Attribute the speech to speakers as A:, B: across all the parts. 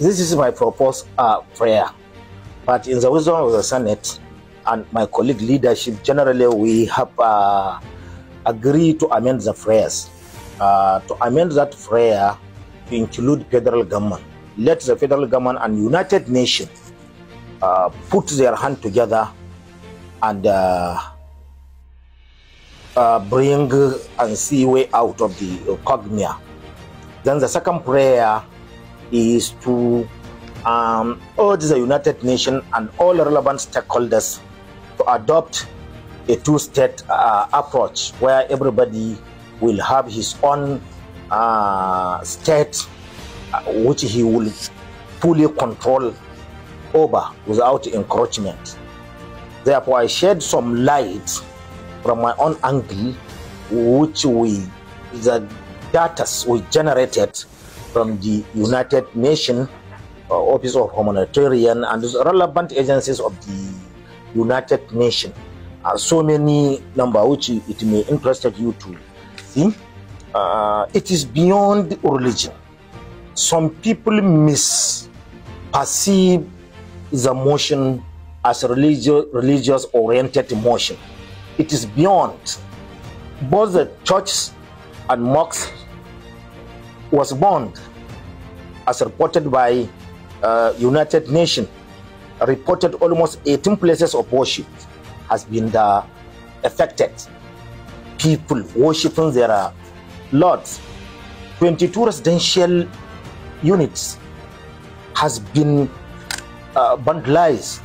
A: This is my proposed uh, prayer. But in the wisdom of the Senate and my colleague leadership, generally we have uh, agreed to amend the prayers. Uh, to amend that prayer to include federal government. Let the federal government and United Nations uh, put their hand together and uh, uh bring and see way out of the uh, cognia. Then the second prayer is to um, urge the United Nations and all relevant stakeholders to adopt a two-state uh, approach where everybody will have his own uh, state uh, which he will fully control over without encroachment. Therefore, I shed some light from my own angle, which we, the data we generated from the United Nations uh, Office of Humanitarian and relevant agencies of the United Nations. Uh, so many number which it may interest you to see. Uh, it is beyond religion. Some people misperceive the motion as religious, religious oriented motion. It is beyond. Both the churches and mosques was born, as reported by uh, United Nations, reported almost 18 places of worship has been uh, affected. People worshiping their uh, lords. 22 residential units has been uh, vandalized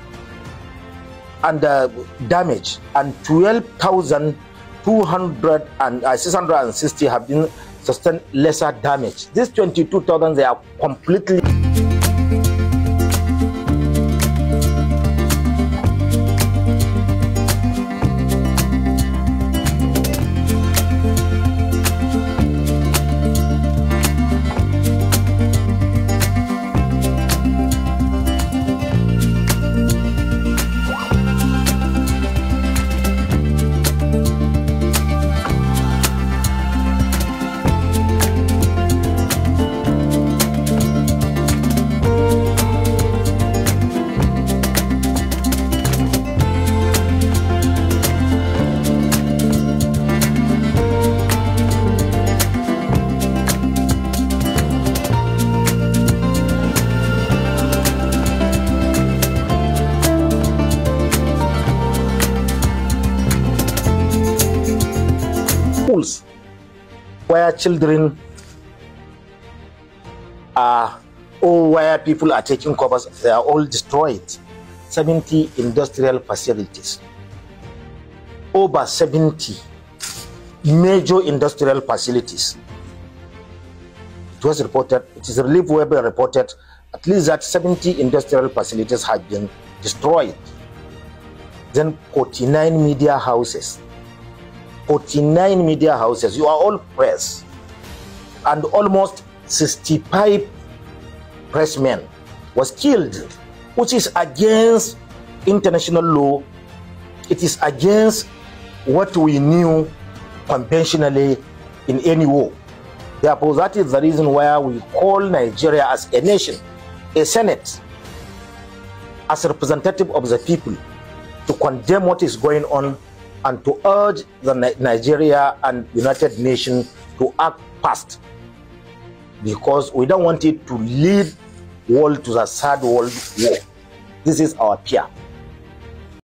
A: and uh, damaged, and 12,260 uh, have been sustain lesser damage. These 22,000, they are completely schools where children are or where people are taking covers, they are all destroyed. 70 industrial facilities. Over 70 major industrial facilities. It was reported, it is relievable reported, at least that 70 industrial facilities have been destroyed. Then 49 media houses 49 media houses. You are all press. And almost 65 pressmen was killed, which is against international law. It is against what we knew conventionally in any war. Therefore, that is the reason why we call Nigeria as a nation, a Senate, as a representative of the people, to condemn what is going on and to urge the Nigeria and United Nations to act fast because we don't want it to lead world to the third world war. This is our fear.